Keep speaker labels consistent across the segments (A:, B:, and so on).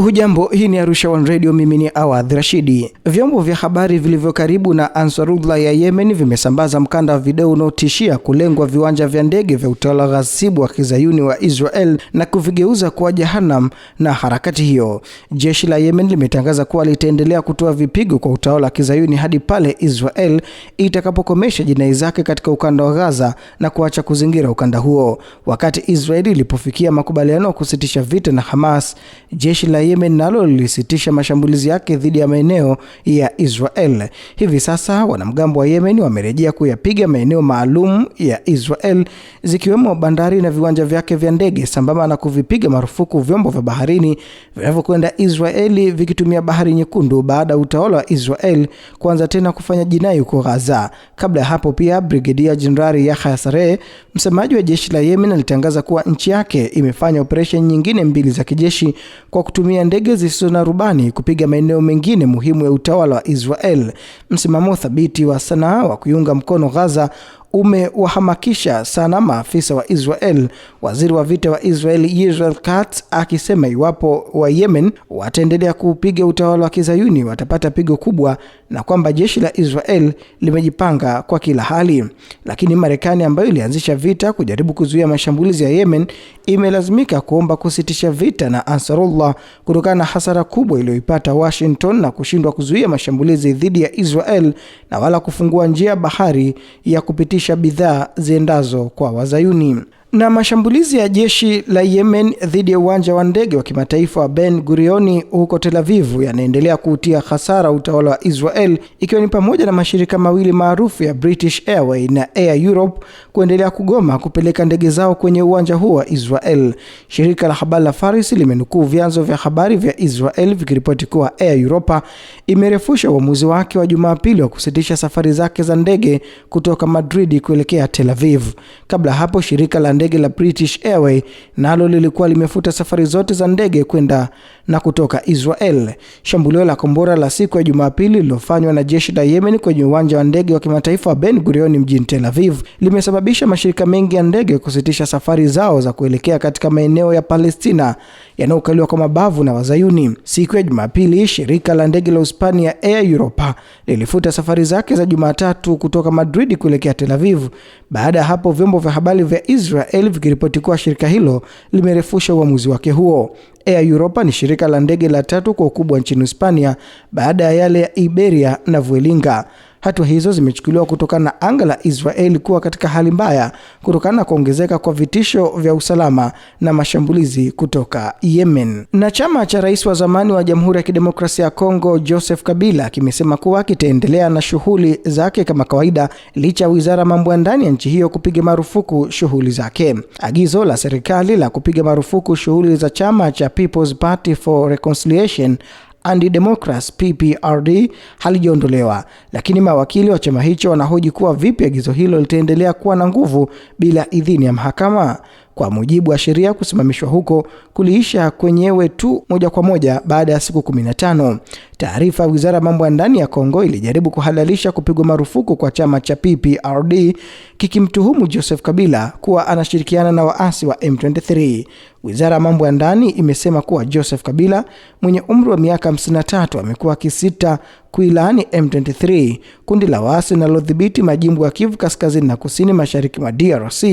A: Hujambo, hii ni Arusha One Radio. Mimi ni Awadh Rashidi. Vyombo vya habari vilivyo karibu na Ansarullah ya Yemen vimesambaza mkanda wa video unaotishia kulengwa viwanja vya ndege vya utawala ghasibu wa kizayuni wa Israel na kuvigeuza kuwa jahanam na harakati hiyo. Jeshi la Yemen limetangaza kuwa litaendelea kutoa vipigo kwa utawala wa kizayuni hadi pale Israel itakapokomesha jinai zake katika ukanda wa Gaza na kuacha kuzingira ukanda huo. Wakati Israel ilipofikia makubaliano ya kusitisha vita na Hamas, jeshi la Yemen nalo lilisitisha mashambulizi yake dhidi ya maeneo ya Israel. Hivi sasa wanamgambo wa Yemen wamerejea kuyapiga maeneo maalum ya Israel zikiwemo bandari na viwanja vyake vya ndege sambamba na kuvipiga marufuku vyombo vya baharini vinavyokwenda Israeli vikitumia bahari nyekundu baada ya utawala wa Israel kuanza tena kufanya jinai huko Gaza. Kabla ya hapo pia, Brigedia Jenerali Yahya Saree, msemaji wa jeshi la Yemen, alitangaza kuwa nchi yake imefanya operesheni nyingine mbili za kijeshi kwa kutumia kutumia ndege zisizo na rubani kupiga maeneo mengine muhimu ya utawala wa Israel. Msimamo thabiti wa Sanaa wa kuiunga mkono Gaza umewahamakisha sana maafisa wa Israel, waziri wa vita wa Israel Israel kat akisema iwapo wa Yemen wataendelea kupiga utawala wa Kizayuni watapata pigo kubwa, na kwamba jeshi la Israel limejipanga kwa kila hali. Lakini Marekani ambayo ilianzisha vita kujaribu kuzuia mashambulizi ya Yemen imelazimika kuomba kusitisha vita na Ansarullah kutokana na hasara kubwa iliyoipata Washington na kushindwa kuzuia mashambulizi dhidi ya Israel na wala kufungua njia bahari ya kupitisha kusafirisha bidhaa ziendazo kwa Wazayuni. Na mashambulizi ya jeshi la Yemen dhidi ya uwanja wa ndege wa kimataifa wa Ben Gurioni huko Tel Aviv yanaendelea kuutia hasara utawala wa Israel ikiwa ni pamoja na mashirika mawili maarufu ya British Airways na Air Europe kuendelea kugoma kupeleka ndege zao kwenye uwanja huo wa Israel. Shirika la habari la Faris limenukuu vyanzo vya habari vya Israel vikiripoti kuwa Air Europa imerefusha uamuzi wake wa Jumapili wa kusitisha safari zake za ndege kutoka Madrid kuelekea Tel Aviv. Kabla hapo shirika la ndege la British Airway nalo lilikuwa limefuta safari zote za ndege kwenda na kutoka Israel. Shambulio la kombora la siku ya Jumapili lilofanywa na jeshi la Yemen kwenye uwanja wa ndege wa kimataifa wa Ben Gurion mjini Tel Aviv limesababisha mashirika mengi ya ndege kusitisha safari zao za kuelekea katika maeneo ya Palestina yanayokaliwa kwa mabavu na Wazayuni. Siku ya Jumapili, shirika la ndege la Hispania Air Europa lilifuta safari zake za Jumatatu kutoka Madrid kuelekea Tel Aviv. Baada ya hapo, vyombo vya habari vya Israel AL vikiripoti kuwa shirika hilo limerefusha uamuzi wake huo. Air Europa ni shirika la ndege la tatu kwa ukubwa nchini Hispania baada ya yale ya Iberia na Vuelinga. Hatua hizo zimechukuliwa kutokana na anga la Israeli kuwa katika hali mbaya kutokana na kuongezeka kwa vitisho vya usalama na mashambulizi kutoka Yemen. Na chama cha rais wa zamani wa Jamhuri ya Kidemokrasia ya Kongo Joseph Kabila kimesema kuwa kitaendelea na shughuli zake kama kawaida licha ya wizara mambo ya ndani ya nchi hiyo kupiga marufuku shughuli zake. Agizo la serikali la kupiga marufuku shughuli za chama cha People's Party for Reconciliation and democracy PPRD halijaondolewa, lakini mawakili wa chama hicho wanahoji kuwa vipi agizo hilo litaendelea kuwa na nguvu bila idhini ya mahakama. Kwa mujibu wa sheria, kusimamishwa huko kuliisha kwenyewe tu moja kwa moja baada ya siku 15. Taarifa ya Wizara ya Mambo ya Ndani ya Kongo ilijaribu kuhalalisha kupigwa marufuku kwa chama cha PPRD kikimtuhumu Joseph Kabila kuwa anashirikiana na waasi wa M23. Wizara ya Mambo ya Ndani imesema kuwa Joseph Kabila mwenye umri wa miaka 53 amekuwa akisita kuilaani M23, kundi la waasi linalodhibiti majimbo ya Kivu kaskazini na kusini mashariki mwa DRC,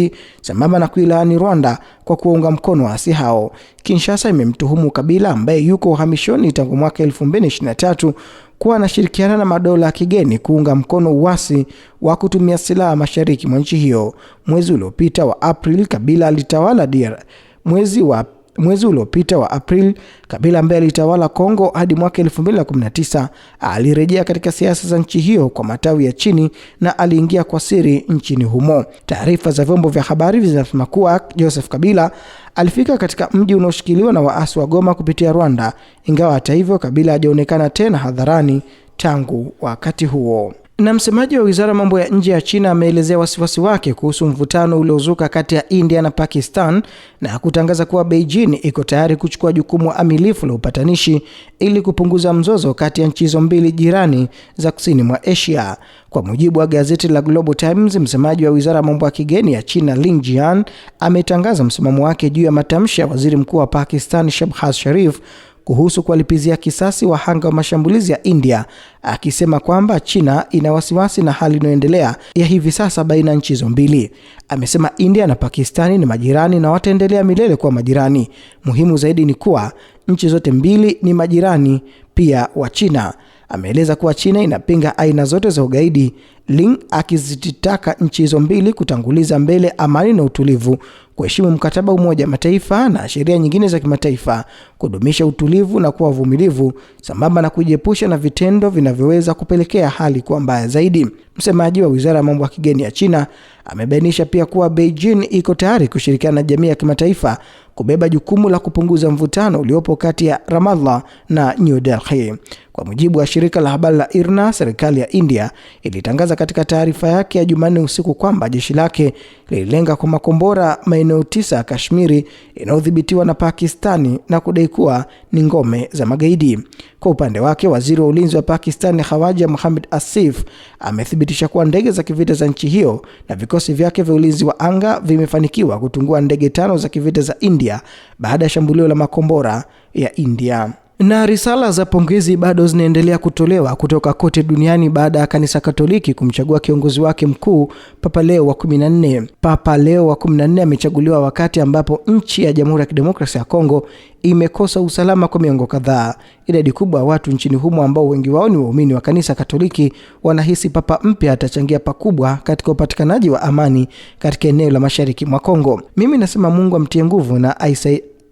A: sambamba na kuilaani Rwanda kwa kuwaunga mkono waasi hao. Kinshasa imemtuhumu Kabila ambaye yuko uhamishoni tangu mwaka 2023 kuwa anashirikiana na madola ya kigeni kuunga mkono uasi wa kutumia silaha mashariki mwa nchi hiyo. Mwezi uliopita wa april Kabila alitawala DR mwezi wa Mwezi uliopita wa Aprili, Kabila ambaye alitawala Kongo hadi mwaka 2019 alirejea katika siasa za nchi hiyo kwa matawi ya chini na aliingia kwa siri nchini humo. Taarifa za vyombo vya habari zinasema kuwa Joseph Kabila alifika katika mji unaoshikiliwa na waasi wa Goma kupitia Rwanda, ingawa hata hivyo Kabila hajaonekana tena hadharani tangu wakati huo. Na msemaji wa wizara mambo ya nje ya China ameelezea wasiwasi wake kuhusu mvutano uliozuka kati ya India na Pakistan na kutangaza kuwa Beijing iko tayari kuchukua jukumu amilifu la upatanishi ili kupunguza mzozo kati ya nchi hizo mbili jirani za kusini mwa Asia. Kwa mujibu wa gazeti la Global Times, msemaji wa wizara mambo ya kigeni ya China ling Jian ametangaza msimamo wake juu ya matamshi ya waziri mkuu wa Pakistan shabhas Sharif kuhusu kuwalipizia kisasi wahanga wa mashambulizi ya India, akisema kwamba China ina wasiwasi na hali inayoendelea ya hivi sasa baina ya nchi hizo mbili. Amesema India na Pakistani ni majirani na wataendelea milele kuwa majirani. Muhimu zaidi ni kuwa nchi zote mbili ni majirani pia wa China ameeleza kuwa China inapinga aina zote za ugaidi, ling akizitaka nchi hizo mbili kutanguliza mbele amani na utulivu, kuheshimu mkataba wa Umoja Mataifa na sheria nyingine za kimataifa, kudumisha utulivu na kuwa vumilivu, sambamba na kujiepusha na vitendo vinavyoweza kupelekea hali kuwa mbaya zaidi. Msemaji wa Wizara ya Mambo ya Kigeni ya China amebainisha pia kuwa Beijing iko tayari kushirikiana na jamii ya kimataifa kubeba jukumu la kupunguza mvutano uliopo kati ya Ramallah na New Delhi. Kwa mujibu wa shirika la habari la IRNA, serikali ya India ilitangaza katika taarifa yake ya Jumanne usiku kwamba jeshi lake lililenga kwa makombora maeneo tisa ya Kashmiri inayodhibitiwa na Pakistani na kudai kuwa ni ngome za magaidi. Kwa upande wake, waziri wa ulinzi wa Pakistani Khawaja Mohammad Asif amethibitisha kuwa ndege za kivita za nchi hiyo na vikosi vyake vya ulinzi wa anga vimefanikiwa kutungua ndege tano za kivita za India baada ya shambulio la makombora ya India. Na risala za pongezi bado zinaendelea kutolewa kutoka kote duniani baada ya kanisa Katoliki kumchagua kiongozi wake mkuu Papa Leo wa 14. Papa Leo wa 14 amechaguliwa wakati ambapo nchi ya Jamhuri ya Kidemokrasia ya Kongo imekosa usalama kwa miongo kadhaa. Idadi kubwa ya watu nchini humo ambao wengi wao ni waumini wa kanisa Katoliki wanahisi papa mpya atachangia pakubwa katika upatikanaji wa amani katika eneo la mashariki mwa Kongo. Mimi nasema Mungu amtie nguvu na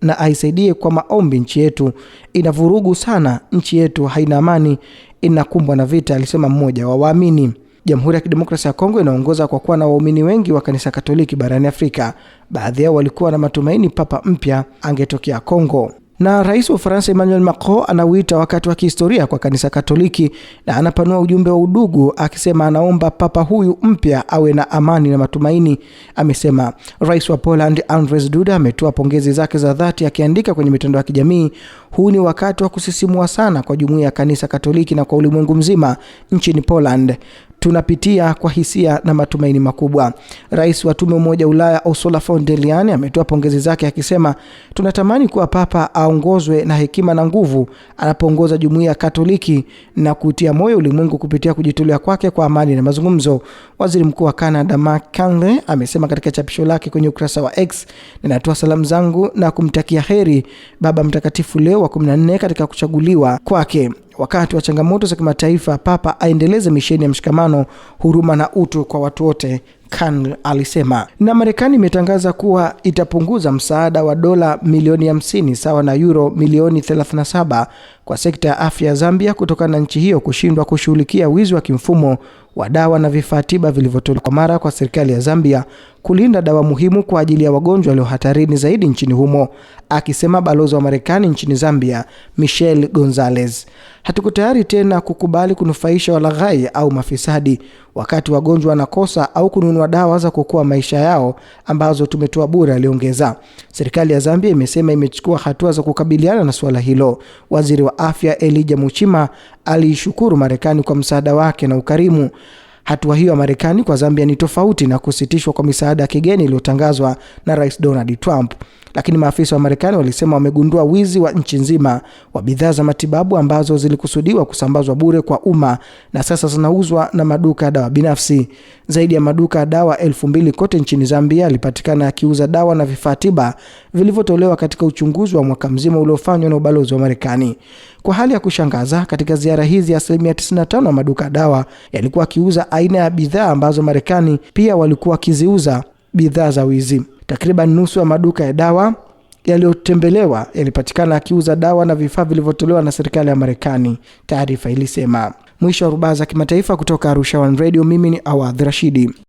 A: na aisaidie kwa maombi nchi yetu. Ina vurugu sana nchi yetu, haina amani, inakumbwa na vita, alisema mmoja wa waamini. Jamhuri ya Kidemokrasia ya Kongo inaongoza kwa kuwa na waumini wengi wa kanisa Katoliki barani Afrika. Baadhi yao walikuwa na matumaini papa mpya angetokea Kongo. Na rais wa Ufaransa Emmanuel Macron anawita wakati wa kihistoria kwa kanisa Katoliki na anapanua ujumbe wa udugu, akisema anaomba papa huyu mpya awe na amani na matumaini, amesema. Rais wa Poland Andrzej Duda ametoa pongezi zake za dhati, akiandika kwenye mitandao ya kijamii, huu ni wakati wa kusisimua sana kwa jumuiya ya kanisa Katoliki na kwa ulimwengu mzima nchini Poland tunapitia kwa hisia na matumaini makubwa. Rais wa Tume Umoja Ulaya Ursula von der Leyen ametoa pongezi zake akisema, tunatamani kuwa Papa aongozwe na hekima na nguvu anapoongoza jumuiya Katoliki na kutia moyo ulimwengu kupitia kujitolea kwake kwa amani na mazungumzo. Waziri Mkuu wa Canada Mark Carney amesema katika chapisho lake kwenye ukurasa wa X, ninatoa salamu zangu na kumtakia heri Baba Mtakatifu Leo wa 14 katika kuchaguliwa kwake wakati wa changamoto za kimataifa, Papa aendeleze misheni ya mshikamano, huruma na utu kwa watu wote Khan alisema. Na Marekani imetangaza kuwa itapunguza msaada wa dola milioni 50 sawa na euro milioni 37 kwa sekta ya afya ya Zambia kutokana na nchi hiyo kushindwa kushughulikia wizi wa kimfumo wa dawa na vifaa tiba vilivyotolewa kwa mara kwa serikali ya Zambia kulinda dawa muhimu kwa ajili ya wagonjwa walio hatarini zaidi nchini humo, akisema balozi wa Marekani nchini Zambia Michelle Gonzalez. Hatuko tayari tena kukubali kunufaisha walaghai au mafisadi wakati wagonjwa wanakosa au kununua dawa za kuokoa maisha yao ambazo tumetoa bure, aliongeza. Serikali ya Zambia imesema imechukua hatua za kukabiliana na suala hilo. Waziri wa afya Elijah Muchima aliishukuru Marekani kwa msaada wake na ukarimu. Hatua hiyo ya Marekani kwa Zambia ni tofauti na kusitishwa kwa misaada ya kigeni iliyotangazwa na Rais Donald Trump lakini maafisa wa Marekani walisema wamegundua wizi wa nchi nzima wa bidhaa za matibabu ambazo zilikusudiwa kusambazwa bure kwa umma na sasa zinauzwa na maduka ya dawa binafsi. Zaidi ya maduka ya dawa elfu mbili kote nchini Zambia alipatikana akiuza dawa na vifaa tiba vilivyotolewa katika uchunguzi wa mwaka mzima uliofanywa na ubalozi wa Marekani. Kwa hali ya kushangaza, katika ziara hizi, asilimia 95 ya maduka ya dawa yalikuwa akiuza aina ya bidhaa ambazo Marekani pia walikuwa wakiziuza bidhaa za wizi. Takriban nusu ya maduka ya dawa yaliyotembelewa yalipatikana akiuza dawa na vifaa vilivyotolewa na serikali ya Marekani, taarifa ilisema. Mwisho wa rubaa za kimataifa kutoka Arusha One Radio, mimi ni Awadh Rashidi.